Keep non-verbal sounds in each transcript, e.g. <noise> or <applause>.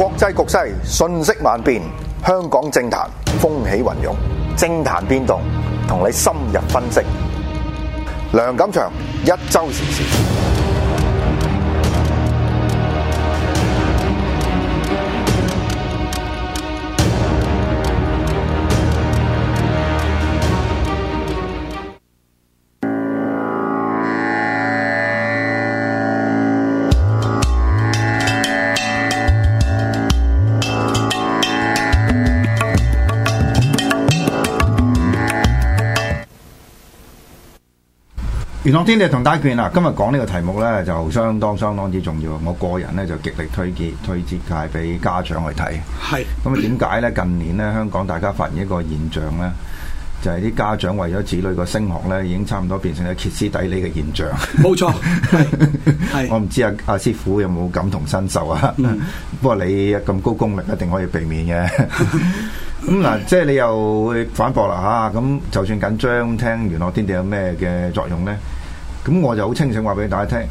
國際局勢瞬息萬變，香港政壇風起雲湧，政壇變動同你深入分析。梁錦祥一周時事。玄學天地同戴娟啊，今日講呢個題目咧，就相當相當之重要。我個人咧，就極力推介推介下，俾家長去睇。係。咁啊，點解咧？近年咧，香港大家發現一個現象咧，就係啲家長為咗子女個升學咧，已經差唔多變成咗歇斯底里嘅現象。冇錯。係。我唔知阿阿師傅有冇感同身受啊？不過你咁高功力，一定可以避免嘅。咁嗱，即係你又會反駁啦吓？咁就算緊張，聽玄學天地有咩嘅作用咧？咁我就好清醒話俾大家聽，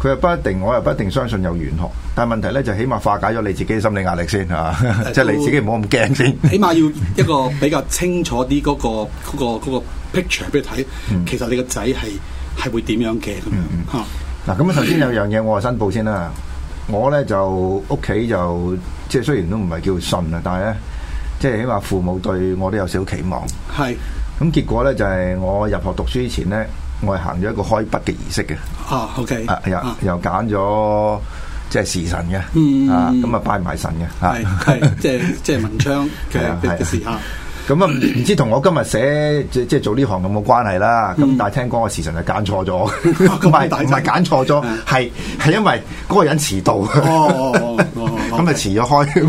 佢又不一定，我又不一定相信有玄學。但係問題咧就起碼化解咗你自己心理壓力先，係即係你自己唔好咁驚先。起碼要一個比較清楚啲嗰、嗰個、 <laughs> 嗰個、嗰個 picture 俾你睇，其實你個仔係係會點樣嘅咁樣。嗱、嗯，咁啊，頭先、嗯啊啊、有樣嘢我啊申報先啦。 <laughs> 我咧就屋企就即係雖然都唔係叫信啊，但係咧即係起碼父母對我都有少少期望。係咁的結果咧就係、是、我入學讀書之前咧。 <laughs> <laughs> 我係行咗一個開筆嘅儀式嘅，ah, okay, 啊 OK，啊又、嗯、啊又揀咗即係時辰嘅，啊咁啊拜埋神嘅，嚇，係即係即係文昌嘅嘅時刻。咁啊，唔知同我今日寫即即係做呢行有冇關係啦？咁但係聽講個時辰就揀錯咗，同埋同埋揀錯咗，係係因為嗰個人遲到，哦哦咁啊遲咗開，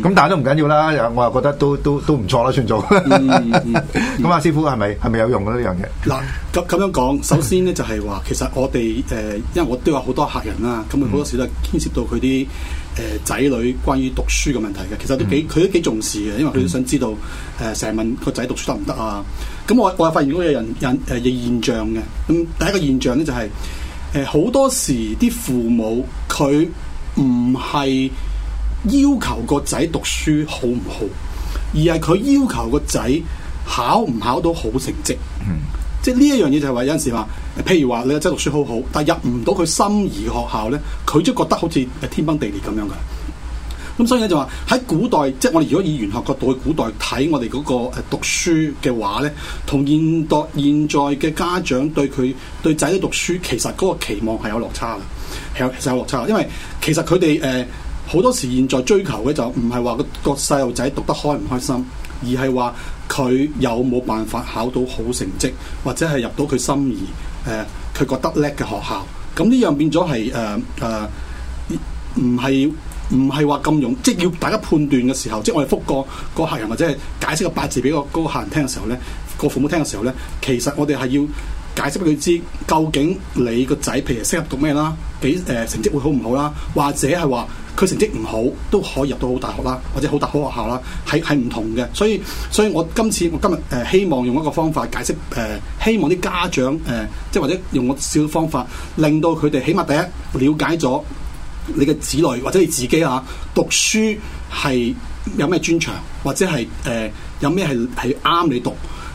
咁但係都唔緊要啦，我又覺得都都都唔錯啦，算做。咁阿師傅係咪係咪有用嘅呢樣嘢？嗱，咁咁樣講，首先咧就係話，其實我哋誒，因為我都有好多客人啦，咁啊好多時都係牽涉到佢啲。誒仔、呃、女關於讀書嘅問題嘅，其實佢幾佢、嗯、都幾重視嘅，因為佢都想知道誒成日問個仔讀書得唔得啊？咁、嗯、我我發現都有人有人誒嘅現象嘅。咁、嗯、第一個現象咧就係誒好多時啲父母佢唔係要求個仔讀書好唔好，而係佢要求個仔考唔考到好成績。嗯即係呢一樣嘢就係話有陣時話，譬如話你個仔讀書好好，但係入唔到佢心儀嘅學校咧，佢都覺得好似係天崩地裂咁樣嘅。咁所以咧就話喺古代，即係我哋如果以玄學角度去古代睇我哋嗰個誒讀書嘅話咧，同現代現在嘅家長對佢對仔女讀書其實嗰個期望係有落差嘅，係有其實有落差。因為其實佢哋誒好多時現在追求嘅就唔係話個細路仔讀得開唔開心，而係話，佢有冇辦法考到好成績，或者係入到佢心儀，誒、呃，佢覺得叻嘅學校，咁呢樣變咗係誒誒，唔係唔係話咁容，即係要大家判斷嘅時候，即係我哋覆過個客人或者係解釋個八字俾嗰個客人聽嘅時候咧，個父母聽嘅時候咧，其實我哋係要。解釋俾佢知，究竟你個仔，譬如適合讀咩啦，幾誒成績會好唔好啦，或者係話佢成績唔好，都可以入到好大學啦，或者好大好學校啦，係係唔同嘅。所以所以我今次我今日誒、呃、希望用一個方法解釋誒、呃，希望啲家長誒、呃，即係或者用我少少方法，令到佢哋起碼第一了解咗你嘅子女或者你自己啊，讀書係有咩專長，或者係誒、呃、有咩係係啱你讀。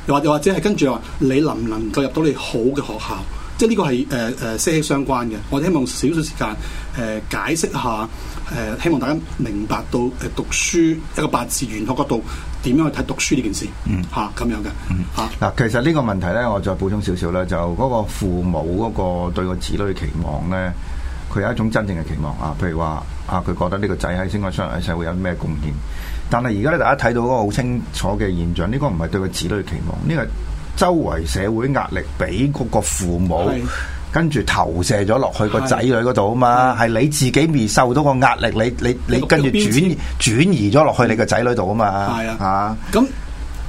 又或又或者係跟住話，你能唔能夠入到你好嘅學校？即係呢個係誒誒息息相關嘅。我哋希望少少時間誒、呃、解釋下，誒、呃、希望大家明白到誒、呃、讀書一個八字玄學角度點樣去睇讀書呢件事。嗯，嚇咁樣嘅。嗯，嗱，其實呢個問題咧，我再補充少少咧，就嗰個父母嗰個對個子女期望咧，佢有一種真正嘅期望啊。譬如話啊，佢覺得呢個仔喺星個商喺社會有咩貢獻？但係而家咧，大家睇到嗰個好清楚嘅現象，呢、這個唔係對個子女嘅期望，呢、這個係周圍社會壓力俾嗰個父母是跟住投射咗落去個仔女嗰度啊嘛，係是你自己未受到個壓力，你你你又跟住轉轉移咗落去你個仔女度啊嘛，嚇咁、啊。啊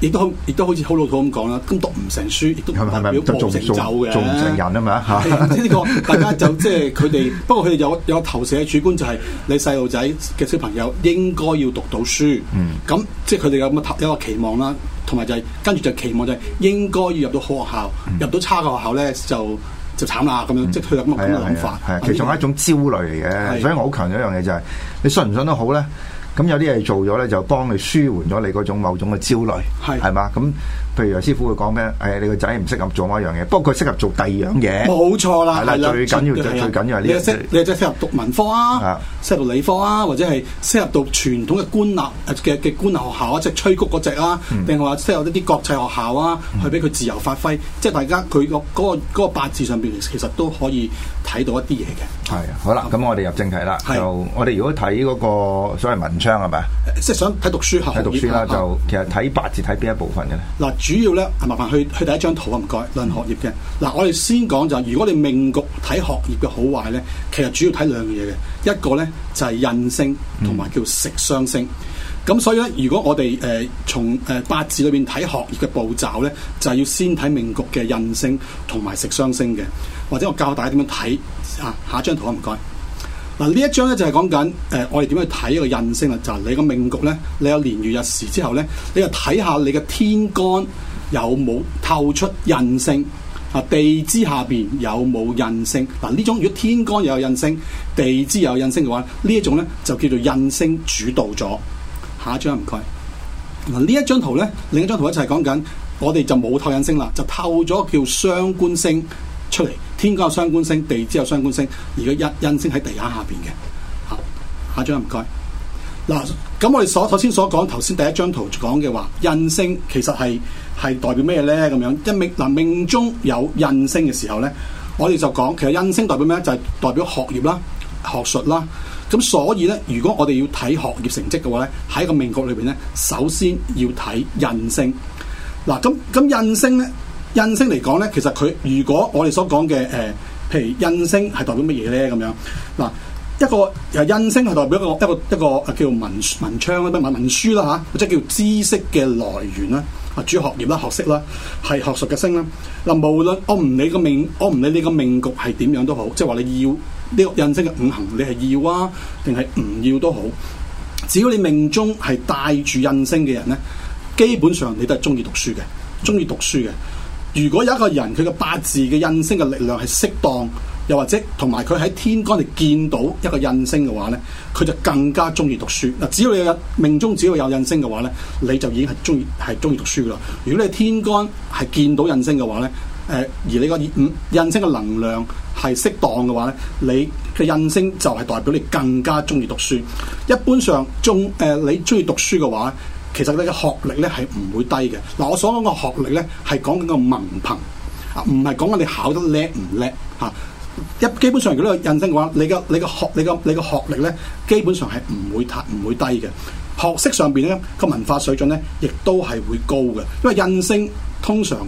亦都亦都好似好老土咁講啦，咁讀唔成書亦都咪就做成咒嘅，做唔成人啊嘛嚇！呢、 <laughs> 呢個大家就即係佢哋，不過佢哋有有個投射嘅主觀，就係你細路仔嘅小朋友應該要讀到書。嗯，咁即係佢哋有咁嘅有個期望啦，同埋就係、是、跟住就期望就係應該要入到好學校，嗯、入到差嘅學校咧就就慘啦咁、嗯、樣，即係佢有咁嘅諗法。係、嗯嗯嗯嗯嗯、其實係一種焦慮嚟嘅的。所以我好強調一樣嘢就係、是、你信唔信，信得好咧。咁、嗯、有啲嘢做咗咧，就幫你舒緩咗你嗰種某種嘅焦慮，係係嘛？咁。嗯譬如楊師傅會講咩？誒，你個仔唔適合做某一樣嘢，不過佢適合做第二樣嘢。冇錯啦，係啦，最緊要就最緊要係呢一。你係適合讀文科啊？適合讀理科啊？或者係適合讀傳統嘅官立嘅嘅官立學校啊，即係催谷嗰隻啊？定話適合一啲國際學校啊？去俾佢自由發揮。即係大家佢個嗰八字上邊，其實都可以睇到一啲嘢嘅。係啊，好啦，咁我哋入正題啦。就我哋如果睇嗰個所謂文昌係咪即係想睇讀書嚇？睇讀書啦，就其實睇八字睇邊一部分嘅咧？嗱。主要咧，麻煩去去第一張圖啊，唔該，論學業嘅嗱，我哋先講就係、是，如果你命局睇學業嘅好壞呢，其實主要睇兩樣嘢嘅，一個呢就係印星同埋叫食傷星。咁所以呢，如果我哋誒從誒八字裏面睇學業嘅步驟呢，就係要先睇命局嘅印星同埋食傷星嘅，或者我教大家點樣睇啊，下一張圖啊，唔該。嗱呢一張咧就係講緊，誒、呃、我哋點樣去睇一個印星啦？就係、是、你個命局咧，你有年月日時之後咧，你就睇下你嘅天干有冇透出印星啊？地支下邊有冇印星？嗱、啊、呢種如果天干又有印星，地支又有印星嘅話，呢一種咧就叫做印星主導咗。下一張唔該。嗱、啊、呢一張圖咧，另一張圖一齊講緊，我哋就冇透印星啦，就透咗叫傷官星出嚟，天干有傷官星，地支有傷官星，而家印印星喺地下下邊嘅。嚇，下張唔該。嗱，咁我哋所頭先所講頭先第一張圖講嘅話，印星其實係係代表咩咧？咁樣一命嗱命中有印星嘅時候咧，我哋就講其實印星代表咩咧？就係、是、代表學業啦、學術啦。咁所以咧，如果我哋要睇學業成績嘅話咧，喺個命局裏邊咧，首先要睇印星。嗱，咁咁印星咧？印星嚟講咧，其實佢如果我哋所講嘅誒、呃，譬如印星係代表乜嘢咧？咁樣嗱，一個又印星係代表一個一個一個叫文文昌咧，文文，文書啦嚇、啊，即係叫知識嘅來源啦，啊，主學業啦，學識啦，係學術嘅星啦。嗱、啊，無論我唔理個命，我唔理你個命局係點樣都好，即係話你要呢個印星嘅五行，你係要啊，定係唔要都好。只要你命中係帶住印星嘅人咧，基本上你都係中意讀書嘅，中意讀書嘅。如果有一個人佢嘅八字嘅印星嘅力量係適當，又或者同埋佢喺天干嚟見到一個印星嘅話咧，佢就更加中意讀書。嗱，只要你有命中只要有印星嘅話咧，你就已經係中意係中意讀書㗎喇。如果你天干係見到印星嘅話咧，誒、呃、而你個印、嗯、印星嘅能量係適當嘅話咧，你嘅印星就係代表你更加中意讀書。一般上中誒、呃、你中意讀書嘅話。其實你嘅學歷咧係唔會低嘅。嗱，我所講嘅學歷咧係講緊個文憑，唔係講緊你考得叻唔叻嚇。一，基本上如果有印星嘅話，你嘅你嘅學你嘅你嘅學歷咧，基本上係唔會太唔會低嘅。學識上面咧，個文化水準咧，亦都係會高嘅。因為印星通常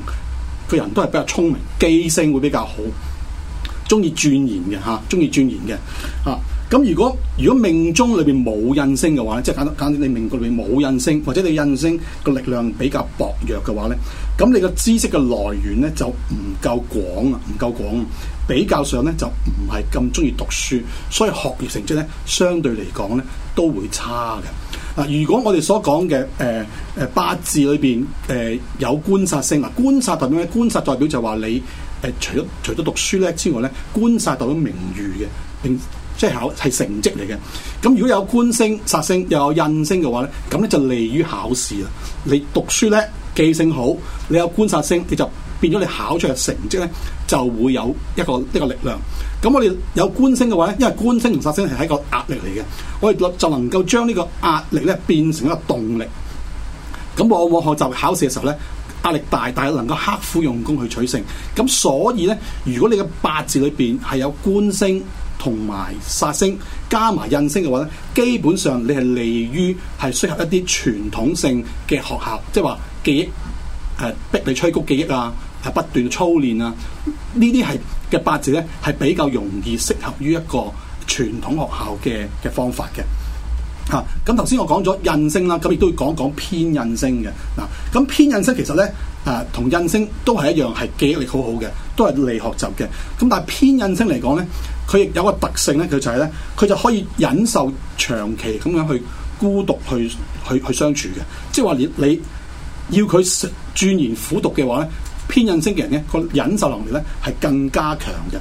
個人都係比較聰明，記性會比較好，中意鑽研嘅嚇，中意鑽研嘅嚇。啊。咁如果如果命中裏邊冇印星嘅話咧，即係簡單啲，你命局裏邊冇印星，或者你印星個力量比較薄弱嘅話咧，咁你個知識嘅來源咧就唔夠廣啊，唔夠廣，比較上咧就唔係咁中意讀書，所以學業成績咧相對嚟講咧都會差嘅。嗱，如果我哋所講嘅誒誒八字裏邊誒有觀察星。嗱，觀察代表咩？觀察代表就話你誒除咗除咗讀書咧之外咧，觀察代表名譽嘅名。並即係考係成績嚟嘅。咁如果有官星、煞星又有印星嘅話咧，咁咧就利於考試啦。你讀書咧記性好，你有官煞星，你就變咗你考出嘅成績咧就會有一個一個力量。咁我哋有官星嘅話咧，因為官星同煞星係一個壓力嚟嘅，我哋就能夠將呢個壓力咧變成一個動力。咁往往學習考試嘅時候咧，壓力大大，但係能夠刻苦用功去取勝。咁所以咧，如果你嘅八字裏邊係有官星。同埋殺星加埋印星嘅話咧，基本上你係利於係適合一啲傳統性嘅學校，即係話記憶誒逼你催谷記憶啊，係不斷操練啊，呢啲係嘅八字咧係比較容易適合於一個傳統學校嘅嘅方法嘅嚇。咁頭先我講咗印星啦，咁亦都要講講偏印星嘅嗱。咁、啊、偏印星其實咧啊，同印星都係一樣係記憶力好好嘅，都係嚟學習嘅。咁但係偏印星嚟講咧。佢亦有個特性咧，佢就係咧，佢就可以忍受長期咁樣去孤獨去去去相處嘅，即係話你，你要佢鑽研苦讀嘅話咧，偏印星嘅人咧個忍受能力咧係更加強嘅。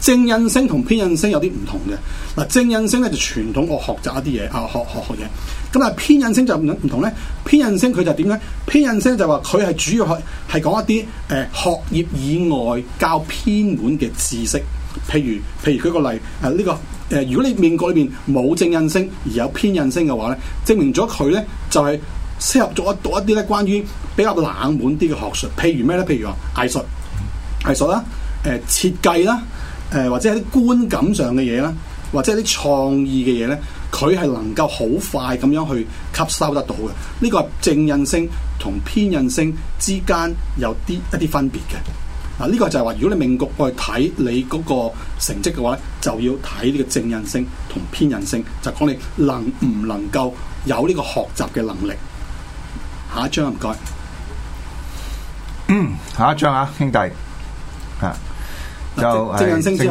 正印星同偏印星有啲唔同嘅。嗱，正印星咧就傳統我學習一啲嘢啊，學學學嘢。咁啊，偏印星就唔唔同咧。偏印星佢就點咧？偏印星就話佢係主要係係講一啲誒、呃、學業以外較偏門嘅知識。譬如譬如舉個例誒呢、啊這個誒、呃，如果你面角裏面冇正印星而有偏印星嘅話咧，證明咗佢咧就係、是、適合做得到讀多一啲咧關於比較冷門啲嘅學術，譬如咩咧？譬如話藝術、藝術啦、誒設計啦、誒、呃、或者係啲觀感上嘅嘢啦，或者係啲創意嘅嘢咧，佢係能夠好快咁樣去吸收得到嘅。呢、這個正印星同偏印星之間有啲一啲分別嘅。嗱，呢、啊這個就係話，如果你命局去睇你嗰個成績嘅話，就要睇呢個正印星同偏印星，就講你能唔能夠有呢個學習嘅能力。下一張唔該，下一張啊，兄弟，啊，就係正印星，即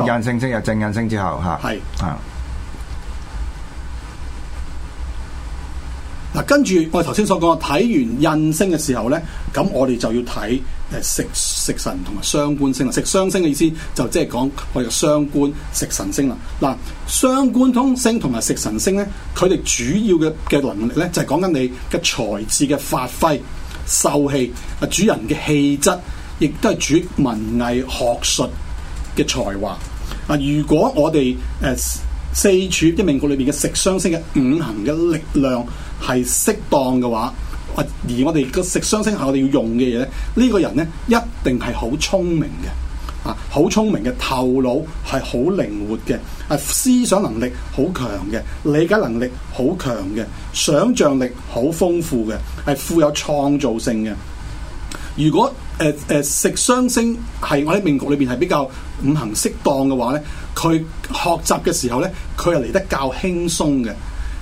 係是正印星之後嚇，係啊。是啊嗱，跟住我哋頭先所講，睇完印星嘅時候咧，咁我哋就要睇誒、呃、食食神同埋傷官星啦。食傷星嘅意思就即係講我哋嘅傷官食神星啦。嗱，傷官通星同埋食神星咧，佢哋主要嘅嘅能力咧，就係講緊你嘅才智嘅發揮、秀氣啊，主人嘅氣質，亦都係主文藝學術嘅才華啊。如果我哋誒、呃、四柱一命局裏邊嘅食傷星嘅五行嘅力量，係適當嘅話，而我哋個食傷星，係我哋要用嘅嘢咧，呢、這個人咧一定係好聰明嘅，啊，好聰明嘅頭腦係好靈活嘅，啊，思想能力好強嘅，理解能力好強嘅，想像力好豐富嘅，係富有創造性嘅。如果誒誒、呃呃、食傷星係我喺命局裏邊係比較五行適當嘅話呢，佢學習嘅時候呢，佢係嚟得較輕鬆嘅，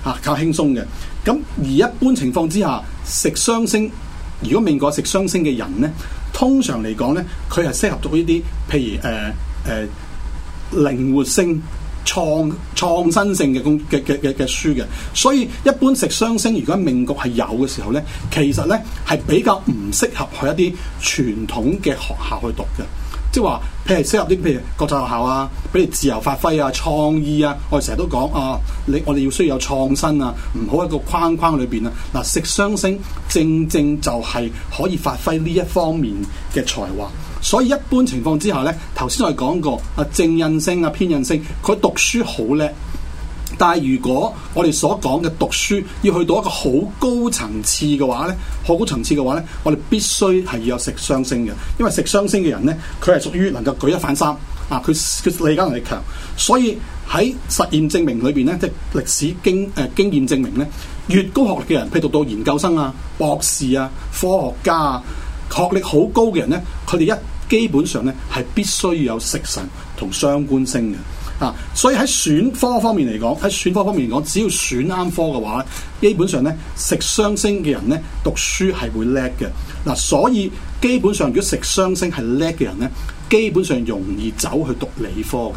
啊，較輕鬆嘅。咁而一般情況之下，食雙星，如果命局食雙星嘅人咧，通常嚟講咧，佢係適合讀呢啲，譬如誒誒、呃呃、靈活性、創創新性嘅公嘅嘅嘅書嘅。所以一般食雙星，如果命局係有嘅時候咧，其實咧係比較唔適合去一啲傳統嘅學校去讀嘅。即係話，譬如適合啲譬如國際學校啊，譬如自由發揮啊、創意啊。我哋成日都講啊，你我哋要需要有創新啊，唔好喺個框框裏邊啊。嗱、啊，食傷星正正就係可以發揮呢一方面嘅才華。所以一般情況之下咧，頭先我哋講過啊，正印星啊、偏印星，佢讀書好叻。但係如果我哋所講嘅讀書要去到一個好高層次嘅話咧，好高層次嘅話咧，我哋必須係要有食傷星嘅，因為食傷星嘅人咧，佢係屬於能夠舉一反三啊，佢佢理解能力強，所以喺實驗證明裏邊咧，即係歷史經誒、呃、經驗證明咧，越高學歷嘅人，譬如讀到研究生啊、博士啊、科學家啊，學歷好高嘅人咧，佢哋一基本上咧係必須要有食神同傷官星嘅。所以喺選科方面嚟講，喺選科方面嚟講，只要選啱科嘅話，基本上咧，食雙星嘅人咧，讀書係會叻嘅。嗱，所以基本上如果食雙星係叻嘅人咧，基本上容易走去讀理科嘅，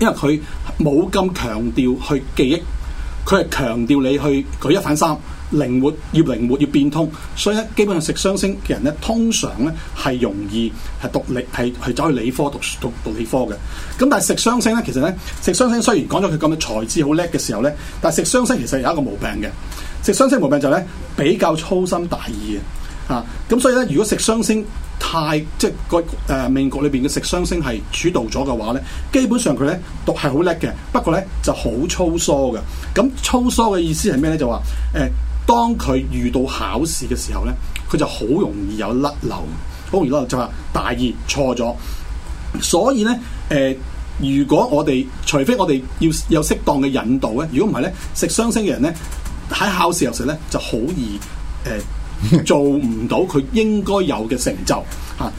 因為佢冇咁強調去記憶，佢係強調你去舉一反三。靈活，要靈活要變通，所以咧，基本上食傷星嘅人咧，通常咧係容易係讀理，係係走去理科讀讀讀理科嘅。咁但係食傷星咧，其實咧食傷星雖然講咗佢咁嘅才智好叻嘅時候咧，但係食傷星其實有一個毛病嘅。食傷星毛病就咧，比較粗心大意啊！咁所以咧，如果食傷星太即係個誒命局裏邊嘅食傷星係主導咗嘅話咧，基本上佢咧讀係好叻嘅，不過咧就好粗疏嘅。咁粗疏嘅意思係咩咧？就話誒。呃當佢遇到考試嘅時候咧，佢就好容易有甩漏，好容易甩漏就話大意錯咗。所以咧，誒、呃，如果我哋除非我哋要有適當嘅引導咧，如果唔係咧，食傷星嘅人咧喺考試時候咧就好易誒、呃、做唔到佢應該有嘅成就嚇。咁、啊、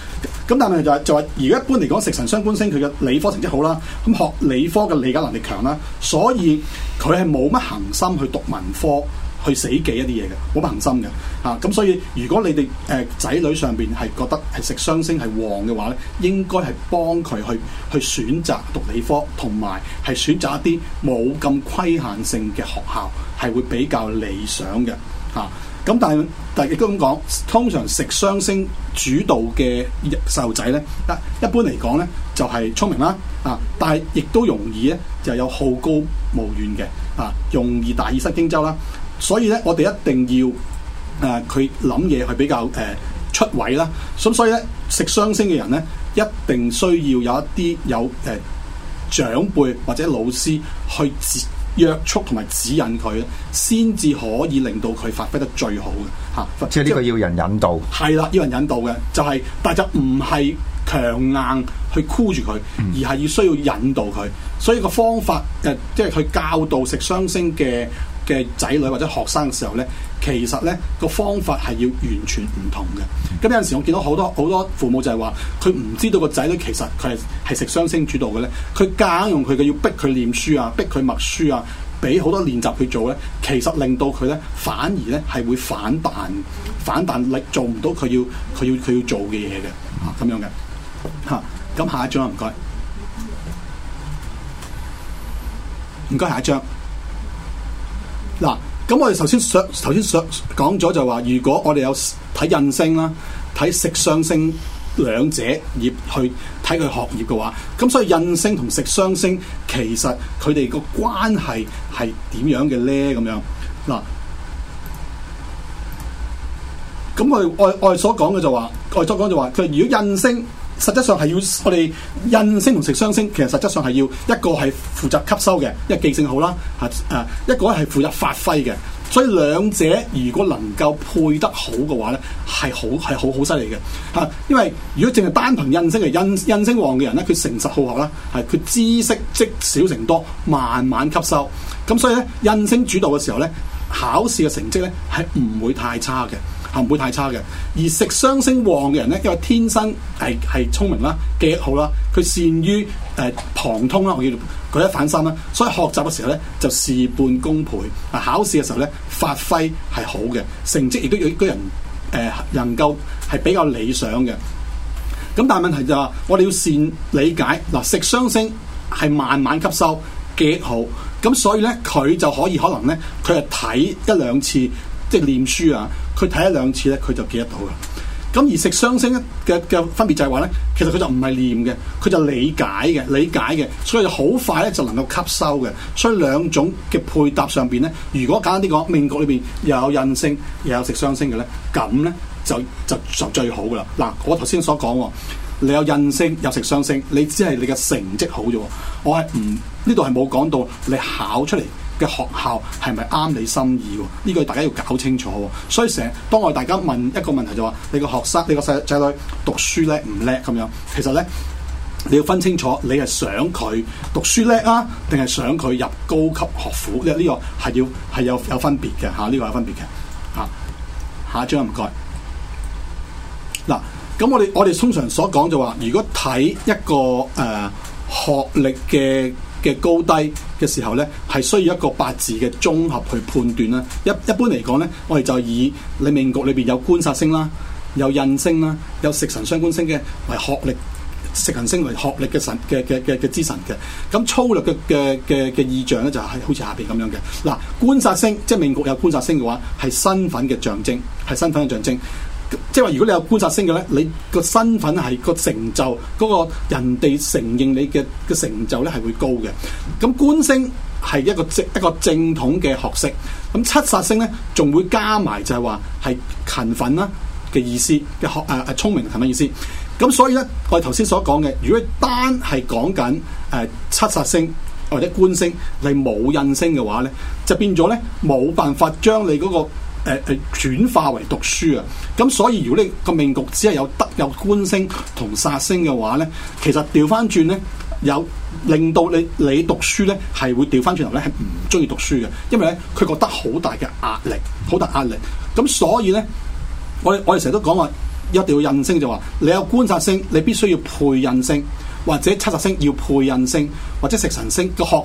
但係就係就話，而家一般嚟講，食神傷官星佢嘅理科成績好啦，咁學理科嘅理解能力強啦，所以佢係冇乜恆心去讀文科。去死記一啲嘢嘅，好冇恆心嘅嚇。咁、啊、所以如果你哋誒仔女上邊係覺得係食傷星係旺嘅話咧，應該係幫佢去去選擇讀理科，同埋係選擇一啲冇咁規限性嘅學校，係會比較理想嘅嚇。咁、啊、但係但係亦都咁講，通常食傷星主導嘅細路仔咧，一般嚟講咧就係、是、聰明啦啊，但係亦都容易咧就有好高騖遠嘅啊，容易大意失荊州啦。所以咧，我哋一定要誒佢諗嘢係比較誒、呃、出位啦。咁所以咧，食傷星嘅人咧，一定需要有一啲有誒、呃、長輩或者老師去約束同埋指引佢，先至可以令到佢發揮得最好嘅嚇。啊、即係呢個要人引導。係啦，要人引導嘅，就係、是、但係就唔係強硬去箍住佢，而係要需要引導佢。嗯、所以個方法誒、呃，即係去教導食傷星嘅嘅仔女或者學生嘅時候咧，其實咧，個方法係要完全唔同嘅。咁有陣時我見到好多好多父母就係話，佢唔知道個仔女其實佢係係食傷星主導嘅咧，佢夾硬用佢嘅要逼佢念書啊，逼佢默書啊，俾好多練習去做咧，其實令到佢咧反而咧係會反彈，反彈力做唔到佢要佢要佢要做嘅嘢嘅嚇咁樣嘅嚇。咁下一張唔該，唔該下一張。嗱，咁我哋頭先想，頭先想講咗就話，如果我哋有睇印星啦，睇食傷星兩者業去睇佢學業嘅話，咁所以印星同食傷星其實佢哋個關係係點樣嘅咧？咁樣嗱，咁我哋我我所講嘅就話、是，我所講就話、是，佢如果印星。實質上係要我哋印星同食傷星，其實實質上係要一個係負責吸收嘅，因為記性好啦，吓誒，一個係負責發揮嘅，所以兩者如果能夠配得好嘅話咧，係好係好好犀利嘅吓。因為如果淨係單憑印星嚟印印,印星旺嘅人咧，佢誠實好學啦，係佢知識積少成多，慢慢吸收，咁所以咧印星主導嘅時候咧，考試嘅成績咧係唔會太差嘅。啊，唔會太差嘅。而食傷星旺嘅人咧，因為天生係係聰明啦，記憶好啦，佢善於誒、呃、旁通啦，我叫佢一反三啦，所以學習嘅時候咧就事半功倍。啊，考試嘅時候咧發揮係好嘅，成績亦都有啲人誒，能夠係比較理想嘅。咁但係問題就係、是、我哋要善理解嗱、呃，食傷星係慢慢吸收記憶好，咁所以咧佢就可以可能咧佢係睇一兩次即係念書啊。佢睇一兩次咧，佢就記得到噶。咁而食傷星嘅嘅分別就係話咧，其實佢就唔係念嘅，佢就理解嘅，理解嘅，所以就好快咧，就能夠吸收嘅。所以兩種嘅配搭上邊咧，如果簡單啲講，命局裏邊又有印星，又有食傷星嘅咧，咁咧就就就最好噶啦。嗱，我頭先所講喎，你有印星，有食傷星，你只係你嘅成績好啫。我係唔，呢度係冇講到你考出嚟嘅學校係咪啱你心意？呢句大家要搞清楚。所以成日當我哋大家問一個問題，就話你個學生、你個細仔女讀書叻唔叻咁樣？其實咧，你要分清楚，你係想佢讀書叻啊，定係想佢入高級學府？因為呢個係要係有有分別嘅嚇，呢個有分別嘅嚇。下一張唔該。嗱，咁我哋我哋通常所講就話，如果睇一個誒學歷嘅。嘅高低嘅時候咧，係需要一個八字嘅綜合去判斷啦。一一般嚟講咧，我哋就以你命局裏邊有官殺星啦，有印星啦，有食神傷官星嘅為學力，食神星為學力嘅神嘅嘅嘅嘅之神嘅。咁粗略嘅嘅嘅嘅意象咧，就係好似下邊咁樣嘅。嗱，官殺星即係命局有官殺星嘅話，係身份嘅象徵，係身份嘅象徵。即係話如果你有觀察星嘅咧，你個身份係、嗰個成就，嗰個人哋承認你嘅嘅成就咧係會高嘅。咁官星係一個正一個正統嘅學識。咁七煞星咧仲會加埋就係話係勤奮啦嘅意思嘅學，誒聰明係乜意思？咁、啊、所以咧我哋頭先所講嘅，如果單係講緊誒七煞星或者官星，你冇印星嘅話咧，就變咗咧冇辦法將你嗰個。誒誒、呃，轉化為讀書啊！咁所以如果你個命局只係有得有官星同煞星嘅話咧，其實調翻轉咧，有令到你你讀書咧係會調翻轉頭咧係唔中意讀書嘅，因為咧佢覺得好大嘅壓力，好大壓力。咁所以咧，我我哋成日都講話一定要印星、就是，就話你有官煞星，你必須要配印星。或者七殺星要配印星，或者食神星嘅學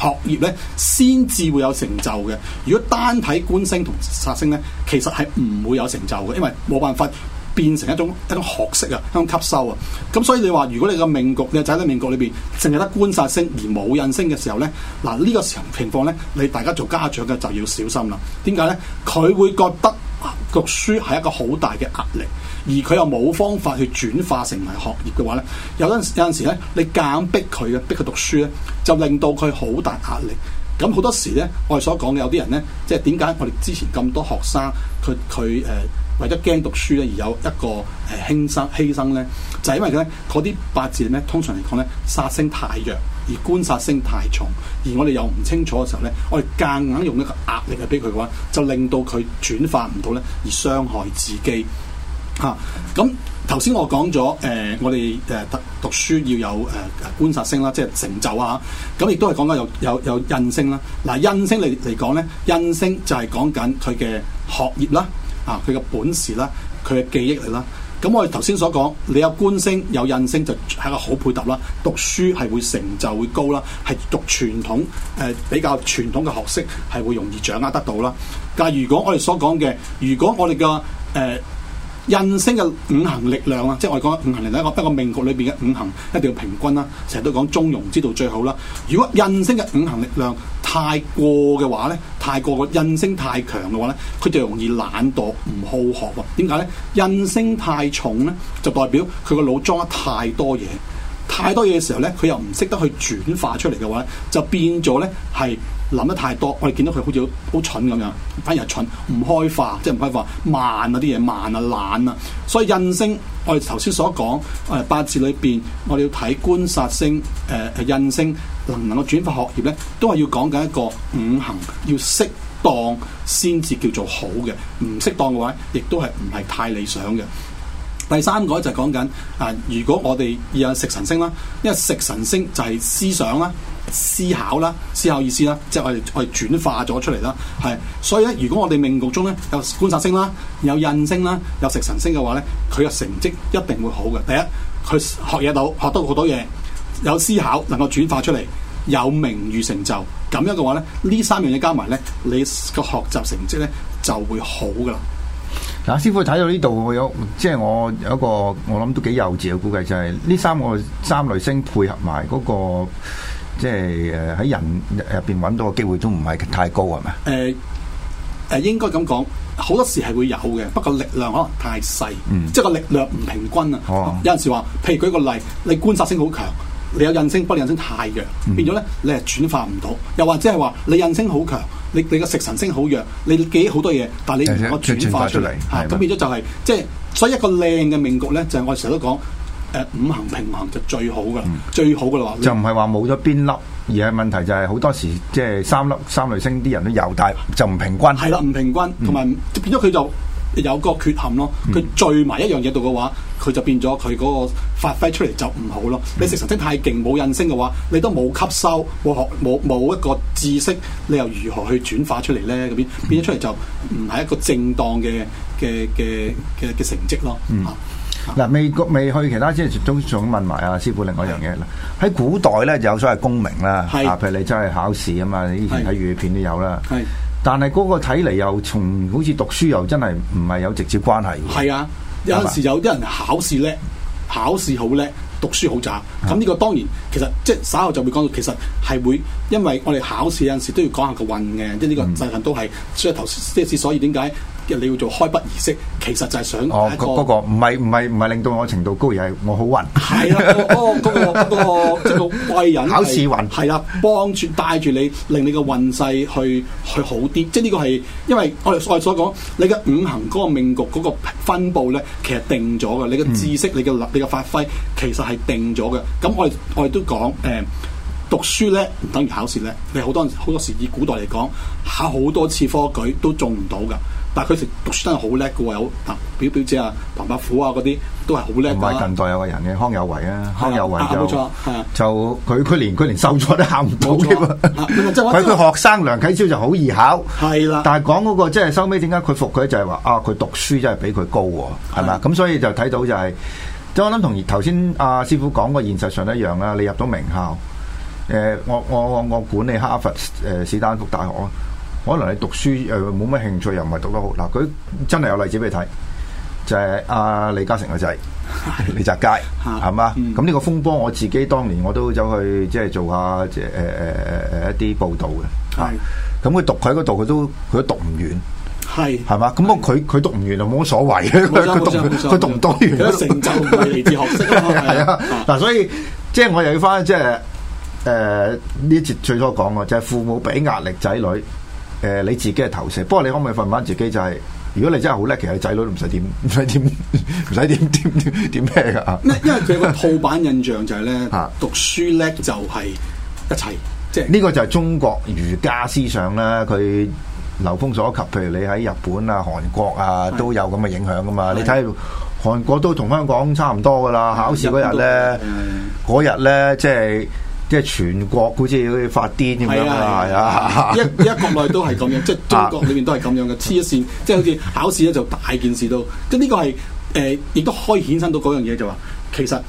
學業咧，先至會有成就嘅。如果單睇官星同殺星咧，其實係唔會有成就嘅，因為冇辦法變成一種一種學識啊，一種吸收啊。咁所以你話，如果你嘅命局，你仔女命局裏邊淨係得官殺星而冇印星嘅時候咧，嗱、這個、呢個時候情況咧，你大家做家長嘅就要小心啦。點解咧？佢會覺得、啊、讀書係一個好大嘅壓力。而佢又冇方法去轉化成為學業嘅話咧，有陣有陣時咧，你夾硬逼佢嘅，逼佢讀書咧，就令到佢好大壓力。咁好多時咧，我哋所講嘅有啲人咧，即係點解我哋之前咁多學生，佢佢誒為咗驚讀書咧而有一個誒、呃、輕生犧牲咧，就係、因為咧嗰啲八字咧，通常嚟講咧殺星太弱，而官殺星太重，而我哋又唔清楚嘅時候咧，我哋夾硬用一個壓力去逼佢嘅話，就令到佢轉化唔到咧，而傷害自己。啊！咁頭先我講咗誒，我哋誒讀讀書要有誒、呃、觀察性啦，即係成就啊！咁亦都係講緊有有有印星啦。嗱，印星嚟嚟講咧，印星就係講緊佢嘅學業啦，啊，佢嘅、啊啊、本事啦，佢嘅記憶力啦。咁、啊、我哋頭先所講，你有官星有印星就係一個好配搭啦。讀書係會成就會高啦，係讀傳統誒、呃、比較傳統嘅學識係會容易掌握得到啦。但係如果我哋所講嘅，如果我哋嘅誒，呃印星嘅五行力量啊，即係我哋講五行力量，不過命局裏邊嘅五行一定要平均啦。成日都講中庸之道最好啦。如果印星嘅五行力量太過嘅話咧，太過個印星太強嘅話咧，佢就容易懶惰唔好學喎。點解咧？印星太重咧，就代表佢個腦裝得太多嘢，太多嘢嘅時候咧，佢又唔識得去轉化出嚟嘅話咧，就變咗咧係。諗得太多，我哋見到佢好似好蠢咁樣，反而係蠢，唔開化，即係唔開化，慢啊啲嘢，慢啊，懶啊，所以印星，我哋頭先所講誒八字裏邊，我哋要睇官殺星誒、呃、印星能唔能夠轉化學業咧，都係要講緊一個五行，要適當先至叫做好嘅，唔適當嘅話，亦都係唔係太理想嘅。第三個就講緊啊，如果我哋有食神星啦，因為食神星就係思想啦。思考啦，思考意思啦，即係我哋我哋轉化咗出嚟啦，係所以咧，如果我哋命局中咧有觀察星啦，有印星啦，有食神星嘅話咧，佢嘅成績一定會好嘅。第一，佢學嘢到，學到多好多嘢，有思考，能夠轉化出嚟，有名譽成就，咁樣嘅話咧，呢三樣嘢加埋咧，你個學習成績咧就會好噶啦。嗱、啊，師傅睇到呢度，我有即係我有一個，我諗都幾幼稚嘅估計就係、是、呢三個三類星配合埋、那、嗰個。即係誒喺人入入邊搵到嘅機會都唔係太高係咪？誒、呃、誒應該咁講，好多時係會有嘅，不過力量可能太細，嗯、即係個力量唔平均啊。哦、有陣時話，譬如舉個例，你官殺星好強，你有印星，不過印星太弱，嗯、變咗咧你係轉化唔到。又或者係話你印星好強，你你個食神星好弱，你幾好多嘢，但係你唔可轉化出嚟。吓咁變咗就係、是，即係所以一個靚嘅命局咧，就係、是、我成日都講。誒、呃，五行平衡就最好噶，嗯、最好噶啦。就唔係話冇咗邊粒，而係問題就係好多時，即係三粒三類星啲人都有，但就唔平均。係啦，唔平均，同埋、嗯、變咗佢就有個缺陷咯。佢聚埋一樣嘢度嘅話，佢就變咗佢嗰個發揮出嚟就唔好咯。嗯、你食神精太勁冇印星嘅話，你都冇吸收，冇學冇冇一個知識，你又如何去轉化出嚟咧？咁變變咗出嚟就唔係一個正當嘅嘅嘅嘅嘅成績咯。嗯。嗱，未國未去其他先，都想問埋阿師傅另外一樣嘢啦。喺是古代咧，有所謂功名啦，啊是，譬如你真係考試啊嘛，你以前睇粵語片都有啦。係是，但係嗰個睇嚟又從好似讀書又真係唔係有直接關係。係啊，有時有啲人考試叻，吧考試好叻，讀書好渣。咁呢個當然其實即係稍後就會講到，其實係會。因為我哋考試有陣時都要講下個運嘅，即係呢個大部分都係、嗯，所以頭即之所以點解你要做開筆儀式，其實就係想一個唔係唔係唔係令到我程度高，而係我好運。係啦、啊，嗰、嗰個嗰、 <laughs> 嗰個嗰、嗰個即係、嗰個、嗰個、貴人。考試運係啦、啊，幫住帶住你，令你個運勢去去好啲。即係呢個係因為我哋我哋所講你嘅五行嗰個命局嗰個分布咧，其實定咗嘅。你嘅知識、嗯、你嘅你嘅發揮，其實係定咗嘅。咁我我哋都講誒。嗯嗯讀書叻唔等於考試叻，你好多好多時以古代嚟講，考好多次科舉都中唔到噶。但係佢讀讀書真係好叻嘅，有表表姐啊、唐伯虎啊嗰啲都係好叻。唔係近代有個人嘅康有為啊，康有為冇錯，就就佢佢連佢連秀才都考唔到。佢佢學生梁啟超就好易考，係啦。但係講嗰個即係收尾，點解佢服佢就係話啊？佢讀書真係比佢高係嘛？咁所以就睇到就係即我諗同頭先阿師傅講嘅現實上一樣啦。你入到名校。誒，我我我我管理哈佛誒史丹福大學啊，可能你讀書誒冇乜興趣，又唔係讀得好嗱，佢真係有例子俾你睇，就係阿李嘉誠個仔李澤楷係嘛？咁呢個風波，我自己當年我都走去即係做下誒誒誒一啲報導嘅嚇。咁佢讀喺嗰度，佢都佢都讀唔完係係嘛？咁佢佢讀唔完就冇乜所謂佢讀佢讀唔讀完，成就唔係嚟自學識係啊嗱，所以即係我又要翻即係。誒呢、呃、節最多講嘅就係父母俾壓力仔女，誒、呃、你自己係投射。不過你可唔可以問返自己、就是？就係如果你真係好叻，其實你仔女唔使點唔使點唔使點點點咩㗎。因為佢個套版印象就係、是、咧， <laughs> 讀書叻就係一切。即係呢個就係中國儒家思想啦。佢流風所及，譬如你喺日本啊、韓國啊，都有咁嘅影響㗎嘛。你睇韓國都同香港差唔多㗎啦。考試嗰日咧，嗰日咧即係。即係全國好似好似發癲咁樣啊！一一、啊啊、國內都係咁樣， <laughs> 即係中國裏面都係咁樣嘅。黐線，即係好似考試咧就大件事都。即係呢個係誒、呃，亦都可以衍生到嗰樣嘢就話、是，其實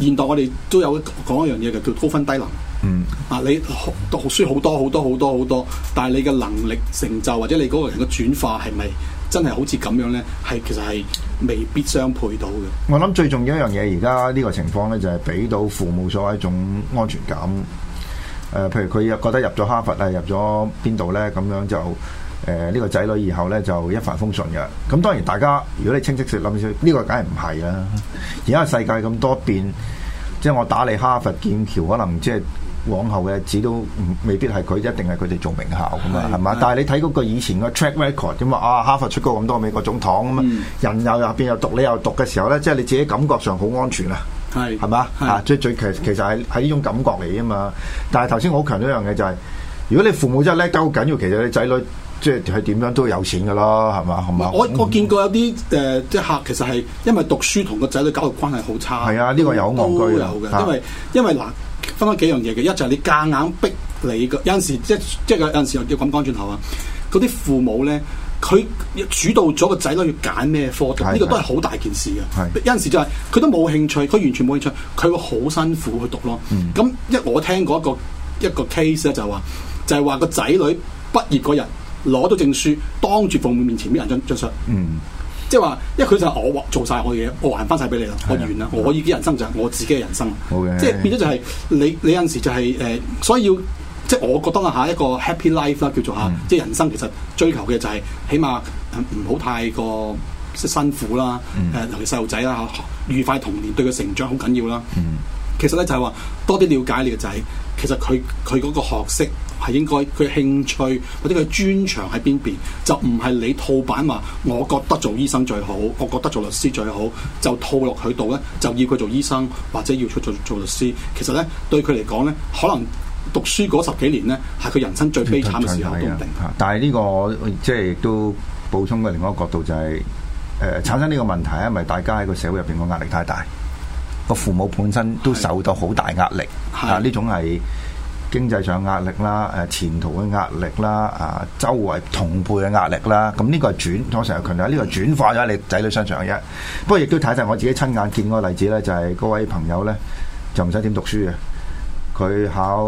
現代我哋都有講、那、一、個、樣嘢嘅，叫高分低能。嗯，啊，你讀讀書好多好多好多好多，但係你嘅能力成就或者你嗰個人嘅轉化係咪真係好似咁樣咧？係其實係。未必相配到嘅。我諗最重要一樣嘢，而家呢個情況呢，就係、是、俾到父母所謂一種安全感。呃、譬如佢又覺得入咗哈佛啊，入咗邊度呢？咁樣就誒呢、呃呢個仔女以後呢，就一帆風順嘅。咁當然大家，如果你清晰說諗住呢個，梗係唔係啦。而家世界咁多變，即係我打理哈佛劍橋，可能即、就、係、是。往後嘅日子都未必係佢，一定係佢哋做名校噶嘛，係嘛？但係你睇嗰個以前個 track record 咁啊，啊哈佛出過咁多美國總統咁啊，嗯、人又入邊又讀，你又讀嘅時候咧，即、就、係、是、你自己感覺上好安全啊，係係嘛？啊，最最其其實係喺呢種感覺嚟噶嘛？但係頭先我好強調一樣嘢就係、是，如果你父母真係叻，都好緊要。其實你仔女即係係點樣都有錢噶啦，係嘛？係嘛？我我，我，我見過有啲誒，即係客，其實係因為讀書同個仔女教育關係好差。係啊，呢個又好戇居，因為因為難。分開幾樣嘢嘅，一就係你夾硬逼你嘅，有陣時即即係有陣時又要咁講轉頭啊！嗰啲父母咧，佢主導咗個仔女要揀咩科嘅，呢是是 個都係好大件事嘅。是是有陣時就係、是、佢都冇興趣，佢完全冇興趣，佢會好辛苦去讀咯。咁一、嗯、我聽過一個一個 case 咧、就係，就話就係話個仔女畢業嗰日攞到證書，當住父母面前俾人將將出。嗯即係話，因為佢就係我做晒我嘢，我還翻晒俾你啦，的我完啦，我嘅人生就係我自己嘅人生。好嘅 Okay.、就是，即係變咗就係你，你有陣時就係、是、誒、呃，所以要即係我覺得啊嚇，一個 happy life 啦，叫做嚇，嗯、即係人生其實追求嘅就係、是、起碼唔好太過辛苦啦。誒、嗯，尤其細路仔啦嚇，愉快童年對佢成長好緊要啦、嗯就是就是。其實咧就係話多啲了解你嘅仔，其實佢佢嗰個學識。係應該佢興趣或者佢專長喺邊邊，就唔係你套版話我覺得做醫生最好，我覺得做律師最好，就套落佢度咧，就要佢做醫生或者要出做做律師。其實咧對佢嚟講咧，可能讀書嗰十幾年咧係佢人生最悲慘嘅時候都定。但係呢、這個即係亦都補充嘅另一個角度就係、是、誒、呃、產生呢個問題因咪大家喺個社會入邊個壓力太大，個父母本身都受到好大壓力啊，呢種係。經濟上壓力啦，誒前途嘅壓力啦，啊周圍同輩嘅壓力啦，咁呢個係轉，我成日強調，呢個轉化咗你仔女身上嘅嘢。不過亦都睇晒我自己親眼見嗰個例子咧，就係、是、嗰位朋友咧就唔使點讀書嘅，佢考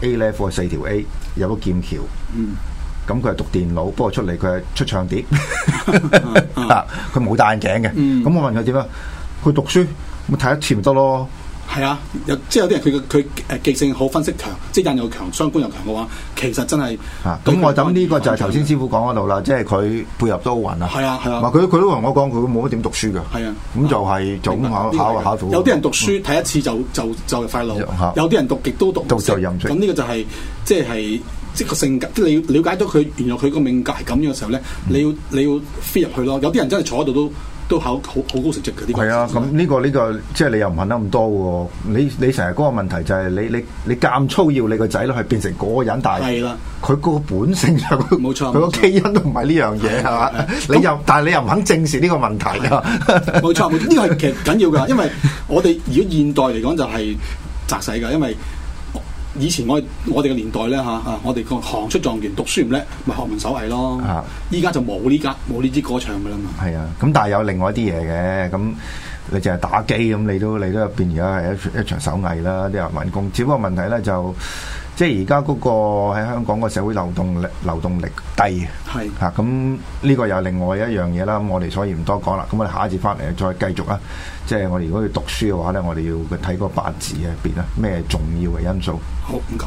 A level 四條 A，有個劍橋，嗯，咁佢係讀電腦，不過出嚟佢係出唱碟、 <laughs> 啊，啊，佢冇戴眼鏡嘅，咁、嗯、我問佢點啊？佢讀書，咁睇一次咪得咯。係啊，有即係有啲人佢嘅佢誒記性好，分析強，即印又強，傷官又強嘅話，其實真係啊。咁我諗呢個就係頭先師傅講嗰度啦，嗯、即係佢配合都好運啊。係啊係啊。唔佢佢都同我講，佢冇乜點讀書㗎。係啊。咁就係就考考，考，考，考有啲人讀書睇、嗯、一次就就就，就快樂。嗯、有啲人讀極都讀。到時候飲咁呢個就係、是就是、即係即個性格，即，即，即，即，即，即你了解到佢原來佢個命格係咁樣嘅時候咧、嗯，你要你要飛入去咯。有啲人真係坐喺度都。都考好好高成績啲，係 <noise> 啊！咁呢、這個呢、這個，即係你又唔問得咁多喎。你你成日嗰個問題就係你你你咁粗要你個仔女咯，係變成嗰個人，但係佢個本性就冇錯，佢個錯基因都唔係呢樣嘢係嘛？你又但係你又唔肯正視呢個問題啊！冇錯，呢個係其實緊要㗎，因為我哋如果現代嚟講就係責駛㗎，因為。以前我我哋嘅年代咧嚇，啊，我哋個行出狀元，讀書唔叻，咪學門手藝咯。依家、啊、就冇呢家，冇呢支歌唱噶啦嘛。係啊，咁但係有另外一啲嘢嘅，咁你就係打機咁，你都你都變咗係一場一場手藝啦，啲人民工。只不過問題咧就～即係而家嗰個喺香港個社會流動力，流動力低是啊，係嚇，咁呢個又係另外一樣嘢啦。咁我哋所以唔多講啦。咁我哋下一節翻嚟再繼續啦。即係我哋如果要讀書嘅話咧，我哋要睇個八字入邊啊，咩重要嘅因素。好唔該